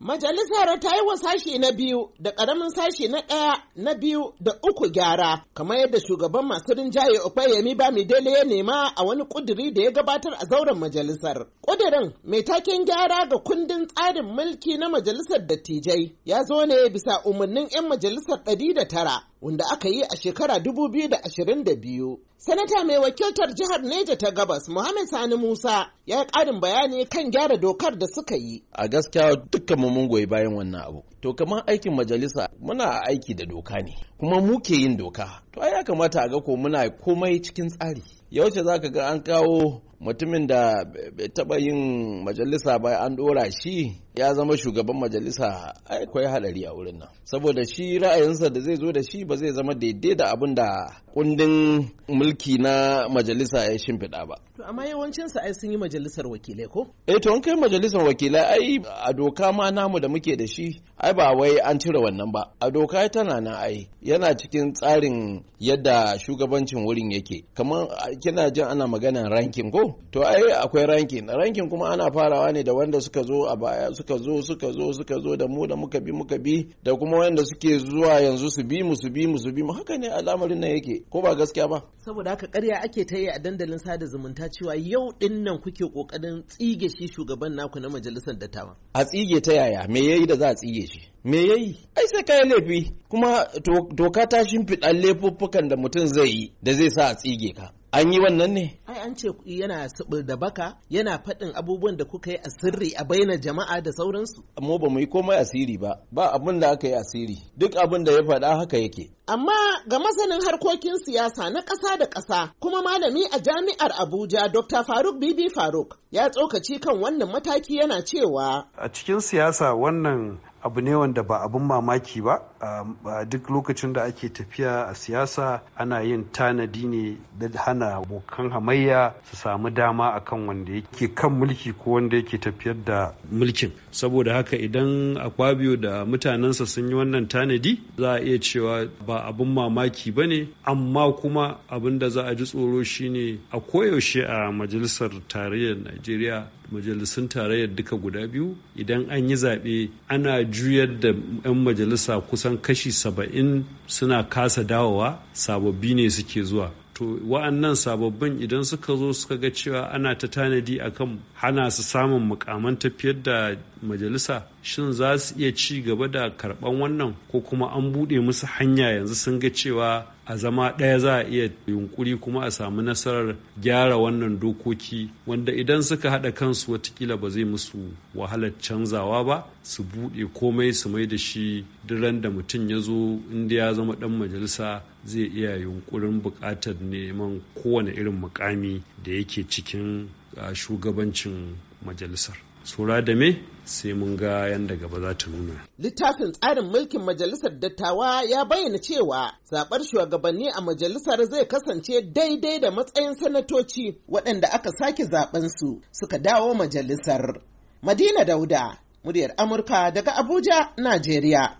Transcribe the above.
Majalisar ta yi wa sashe na biyu da ƙaramin sashe na ɗaya na biyu da uku gyara kamar yadda shugaban masu rinjaye mi Bamidele ya nema a wani ƙuduri da ya gabatar a zauren majalisar. Ƙudurin mai taken gyara ga kundin tsarin mulki na majalisar dattijai ya zo ne bisa umarnin 'yan majalisar ɗari da tara wanda aka yi a shekara 2022. Sanata mai wakiltar jihar Neja ta gabas Muhammad Sani Musa ya yi ƙarin bayani kan gyara dokar da suka yi. A gaskiya dukkan mun goyi bayan wannan abu. To kamar aikin majalisa muna aiki da doka ne kuma muke yin doka. To ya kamata a ga ko muna komai cikin tsari. Yaushe za ka ga an kawo mutumin da taba yin majalisa ba an ɗora shi ya zama shugaban majalisa kwai hadari a wurin nan saboda shi ra'ayinsa da zai zo da shi ba zai zama daidai da abin da kundin mulki na majalisa ya shimfiɗa ba to amma yawancin ai sun yi majalisar wakilai ko eh to an kai majalisar wakilai ai a doka ma namu da muke da shi ai ba wai an cire wannan ba a doka tana nan ai yana cikin tsarin yadda shugabancin wurin yake kamar kina jin ana maganar rankin ko to ai akwai rankin rankin kuma ana farawa ne da wanda suka zo a baya suka zo suka zo suka zo da mu da muka bi muka bi da kuma wanda suke zuwa yanzu su bi mu su bi mu su bi mu haka ne al'amarin nan yake ko ba gaskiya ba saboda haka ƙarya ake ta yi a dandalin sada zumunta cewa yau din nan kuke kokarin tsige shi shugaban naku na majalisar dattawa a tsige ta yaya me yayi da za a tsige shi me yayi ai sai kai laifi kuma doka ta shimfiɗa laifuffukan da mutum zai yi da zai sa a tsige ka an yi wannan ne ai an ce yana subur da baka yana faɗin abubuwan da kuka yi a sirri a baina jama'a da sauransu amma ba mu yi komai asiri ba ba abin da aka yi asiri duk abin da ya faɗa haka yake amma ga masanin harkokin siyasa na ƙasa da ƙasa kuma malami a jami'ar abuja dr faruk bibi faruk ya tsokaci kan wannan mataki yana cewa a cikin siyasa wannan abu ne wanda ba abin mamaki ba a duk lokacin da ake tafiya a siyasa ana yin tanadi ne da hana abokan hamayya su samu dama a kan wanda yake kan mulki ko wanda yake tafiyar da mulkin saboda haka idan akwabio da mutanensa sun yi wannan tanadi za a iya cewa ba abin mamaki ba ne amma kuma abin da za a ji tsoro shine a koyaushe a majalisar tarayyar najeriya majalisun tarayyar duka guda biyu idan an yi zaɓe ana juyar da 'yan majalisa kusan kashi saba'in suna kasa dawowa sababbi ne suke zuwa to wa'annan sababbin idan suka zo suka ga cewa ana ta tanadi a kan hana su samun mukaman tafiyar da majalisa shin za su iya ci gaba da karban wannan ko kuma an buɗe musu hanya yanzu sun ga cewa a zama ɗaya za a iya yunkuri kuma a samu nasarar gyara wannan dokoki wanda idan suka haɗa kansu watakila ba zai musu wahalar canzawa ba su buɗe komai su mai da shi duran da mutum ya zo inda ya zama ɗan majalisa zai iya yunkurin bukatar neman kowane irin mukami da yake cikin shugabancin majalisar sura da me sai mun ga yadda gaba za ta nuna. Littafin tsarin mulkin majalisar dattawa ya bayyana cewa zaɓar shugabanni a majalisar zai kasance daidai da matsayin sanatoci waɗanda aka sake zaɓensu suka dawo majalisar. Madina Dauda, muryar Amurka daga Abuja, Najeriya.